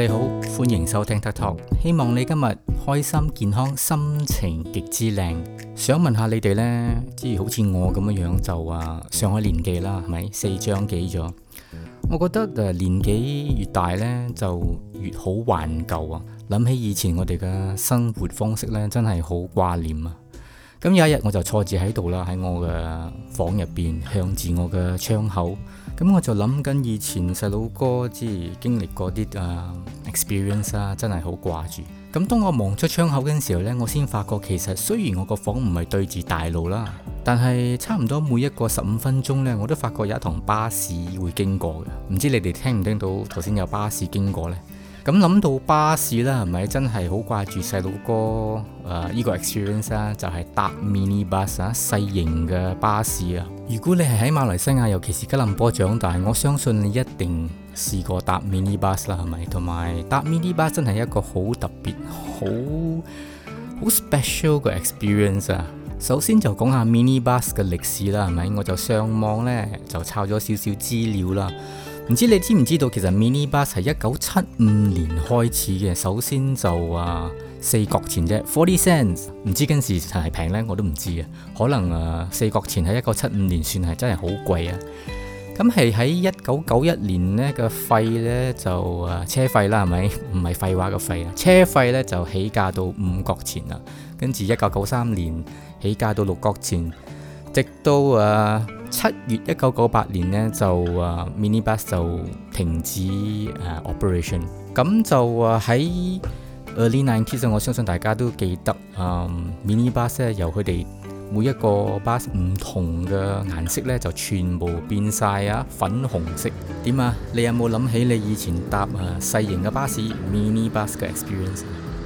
你好，歡迎收聽 Tuck Talk，希望你今日開心、健康、心情極之靚。想問下你哋呢，即係好似我咁樣樣就誒，上咗年紀啦，係咪四張幾咗？我覺得年紀越大呢，就越好懷舊啊！諗起以前我哋嘅生活方式呢，真係好掛念啊！咁有一日我就坐住喺度啦，喺我嘅房入邊向住我嘅窗口，咁我就諗緊以前細佬哥即係經歷過啲啊、uh, experience 啊，真係好掛住。咁當我望出窗口嗰陣時候呢，我先發覺其實雖然我個房唔係對住大路啦，但係差唔多每一個十五分鐘呢，我都發覺有一趟巴士會經過嘅。唔知你哋聽唔聽到頭先有巴士經過呢？咁諗到巴士啦，係咪？真係好掛住細路哥。誒、呃，依、呢個 experience us，啊，就係搭 mini bus 啊，細型嘅巴士啊。如果你係喺馬來西亞，尤其是吉隆坡長大，我相信你一定試過搭 mini bus 啦，係咪？同埋搭 mini bus 真係一個好特別、好好 special 嘅 experience 啊。首先就講下 mini bus 嘅歷史啦，係咪？我就上網呢，就抄咗少少資料啦。啊。唔知你知唔知道，其實 mini bus 係一九七五年開始嘅。首先就啊四角錢啫，forty cents。唔知今時係平呢，我都唔知啊。可能啊四角錢喺一九七五年算係真係好貴啊。咁係喺一九九一年呢個費呢，就啊車費啦，係咪？唔係廢話嘅費啊，車費呢就起價到五角錢啦。跟住一九九三年起價到六角錢。直到啊七、呃、月一九九八年咧就啊、呃、mini bus 就停止誒、呃、operation，咁就啊喺、呃、early nineties 啊我相信大家都記得啊、呃、mini bus 咧由佢哋每一個 bus 唔同嘅顏色咧就全部變晒啊粉紅色，點啊你有冇諗起你以前搭啊細、呃、型嘅巴士 mini bus 嘅 experience？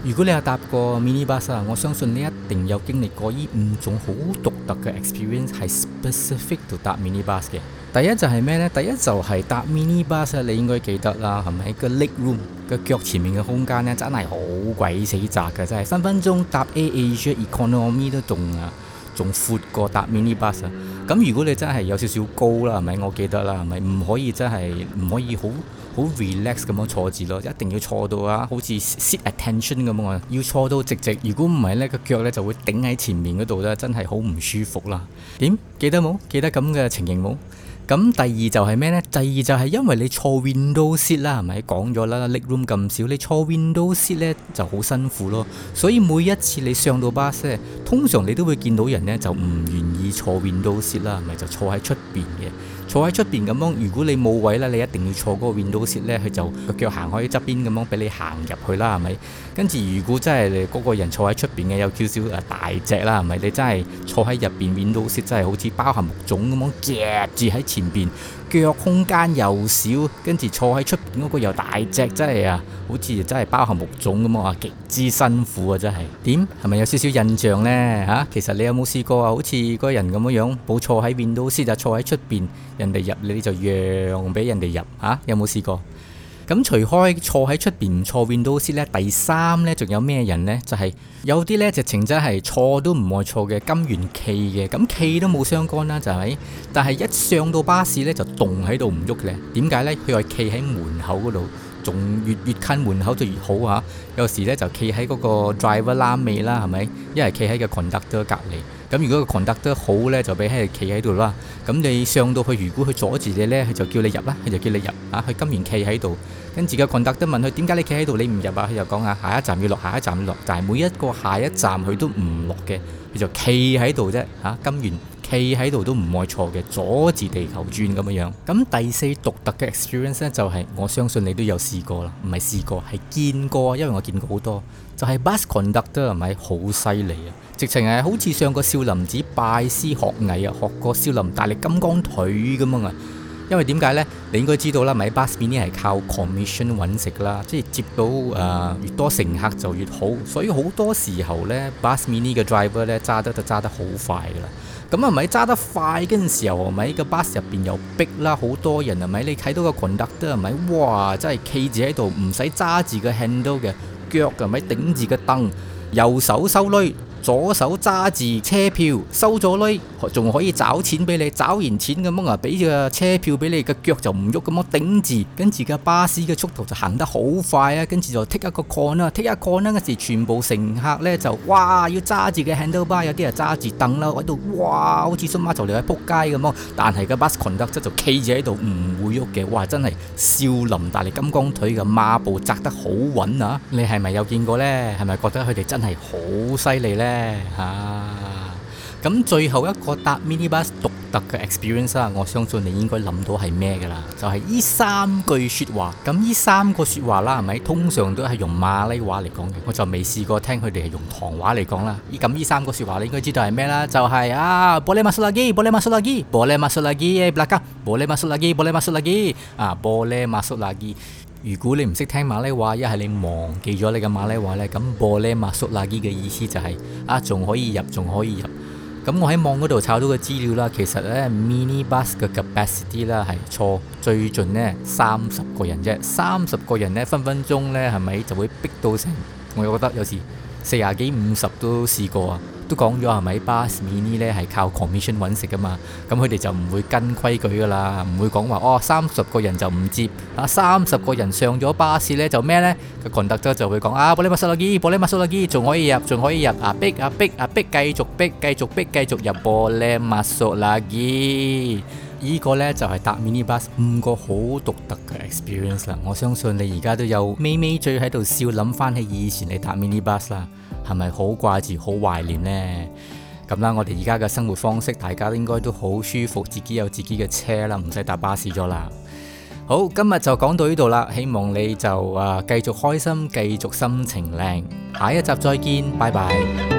如果你係搭過 mini bus 啊，我相信你一定有經歷過呢五種好獨特嘅 experience，係 specific to 搭 mini bus 嘅。第一就係咩呢？第一就係搭 mini bus 咧，你應該記得啦，係咪個 leg room 個腳前面嘅空間呢，真係好鬼死窄㗎，真係分分鐘搭 A Asia economy 都凍啊～仲闊過搭 mini bus 啊！咁如果你真係有少少高啦，係咪？我記得啦，係咪？唔可以真係唔可以好好 relax 咁樣坐住咯，一定要坐到啊，好似 sit attention 咁樣，要坐到直直。如果唔係呢個腳呢，腳就會頂喺前面嗰度啦，真係好唔舒服啦。點記得冇？記得咁嘅情形冇？咁第二就係咩呢？第二就係因為你坐 Window Seat 啦，係咪？講咗啦 legroom 咁少，你坐 Window Seat 呢就好辛苦咯。所以每一次你上到巴士，通常你都會見到人呢就唔願意坐 Window Seat 啦，係咪就坐喺出邊嘅。坐喺出邊咁樣，如果你冇位咧，你一定要坐嗰個 window seat 咧，佢就腳行開側邊咁樣俾你行入去啦，係咪？跟住如果真係嗰個人坐喺出邊嘅有少少啊大隻啦，係咪？你真係坐喺入邊 window seat 真係好似包含木種咁樣夾住喺前邊，腳空間又少，跟住坐喺出邊嗰個又大隻，真係啊，好似真係包含木種咁啊，極之辛苦啊，真係。點？係咪有少少印象呢？嚇、啊？其實你有冇試過啊？好似嗰人咁樣，冇坐喺 window seat 就坐喺出邊，人哋入，你就讓俾人哋入嚇、啊，有冇試過？咁除開坐喺出邊坐 Windows 呢，第三咧仲有咩人呢？就係、是、有啲咧直情真係坐都唔愛坐嘅，金元企嘅，咁企都冇相干啦，就係、是、但係一上到巴士呢，就凍喺度唔喐嘅，點解呢？佢係企喺門口嗰度。仲越越近門口就越好啊！有時咧就企喺嗰個 driver 攔尾啦，係咪？一係企喺個 conductor 隔離。咁如果個 conductor 好咧，就俾佢企喺度啦。咁你上到去，如果佢阻住你咧，佢就叫你入啦。佢、啊、就叫你入啊！佢金源企喺度，跟住個 conductor 問佢點解你企喺度，你唔入啊？佢就講啊，下一站要落，下一站要落，但係每一個下一站佢都唔落嘅，佢就企喺度啫嚇金源。係喺度都唔愛錯嘅，阻住地球轉咁樣樣。咁第四獨特嘅 experience 呢，就係、是、我相信你都有試過啦，唔係試過係見過，因為我見過好多，就係、是、bus conductor 啊，係咪好犀利啊？直情係好似上個少林寺拜師學藝啊，學過少林大力金剛腿咁樣啊。因為點解呢？你應該知道啦，咪 bus mini 係靠 commission 揾食啦，即係接到誒、呃、越多乘客就越好，所以好多時候呢 bus mini 嘅 driver 呢揸得就揸得好快噶啦。咁啊，咪揸、嗯、得快嗰陣時候，咪個巴士入邊又逼啦，好多人啊，咪、嗯、你睇到個群特都係咪？哇！真係企住喺度，唔使揸住個 handle 嘅腳，啊，咪頂住個凳，右手收攏。左手揸住車票收，收咗鐳仲可以找錢畀你。找完錢嘅麼啊，俾個車票畀你，個腳就唔喐咁麼。頂住，跟住個巴士嘅速度就行得好快啊！跟住就剔一個 cone 啦，踢一個 cone 啦。嗰時全部乘客咧就哇，要揸住個 handle bar，有啲啊揸住凳啦，喺度哇，好似孫媽就嚟喺扑街咁麼。但係個巴士 conductor 就企住喺度唔會喐嘅。哇，真係少林大力金剛腿嘅馬步紮得好穩啊！你係咪有見過咧？係咪覺得佢哋真係好犀利咧？吓，咁、啊、最後一個搭 mini bus 獨特嘅 experience 啦，我相信你應該諗到係咩噶啦？就係、是、依三句說話，咁依三個說話啦，係咪？通常都係用馬拉話嚟講嘅，我就未試過聽佢哋係用唐話嚟講啦。咁呢三個說話你應該知道係咩啦？就係啊，Boleh masuk lagi，Boleh masuk lagi，Boleh masuk lagi，誒，Boleh masuk lagi，Boleh masuk lagi，啊，Boleh masuk lagi。如果你唔識聽馬來話，一係你忘記咗你嘅馬來話呢，咁播呢，masuk lagi 嘅意思就係、是、啊，仲可以入，仲可以入。咁我喺網嗰度抄到嘅資料啦，其實呢 mini bus 嘅 capacity 啦係錯，最近呢，三十個人啫，三十個人呢，分分鐘呢，係咪就會逼到成？我覺得有時。四廿幾五十都試過啊，都講咗係咪？巴士呢，呢係靠 commission 揾食噶嘛，咁佢哋就唔會跟規矩噶啦，唔會講話哦，三十個人就唔接啊，三十個人上咗巴士呢，就咩呢？個 conductor，就會講啊，玻璃瑪索拉基，玻璃瑪索拉基，仲可以入，仲可以入啊逼啊逼啊逼，繼續逼，繼續逼，繼續入玻璃瑪索拉基。呢個呢，就係搭 mini bus 五個好獨特嘅 experience 啦，我相信你而家都有眯眯嘴喺度笑，諗翻起以前你搭 mini bus 啦，係咪好掛住好懷念呢？咁啦，我哋而家嘅生活方式，大家應該都好舒服，自己有自己嘅車啦，唔使搭巴士咗啦。好，今日就講到呢度啦，希望你就啊繼續開心，繼續心情靚，下一集再見，拜拜。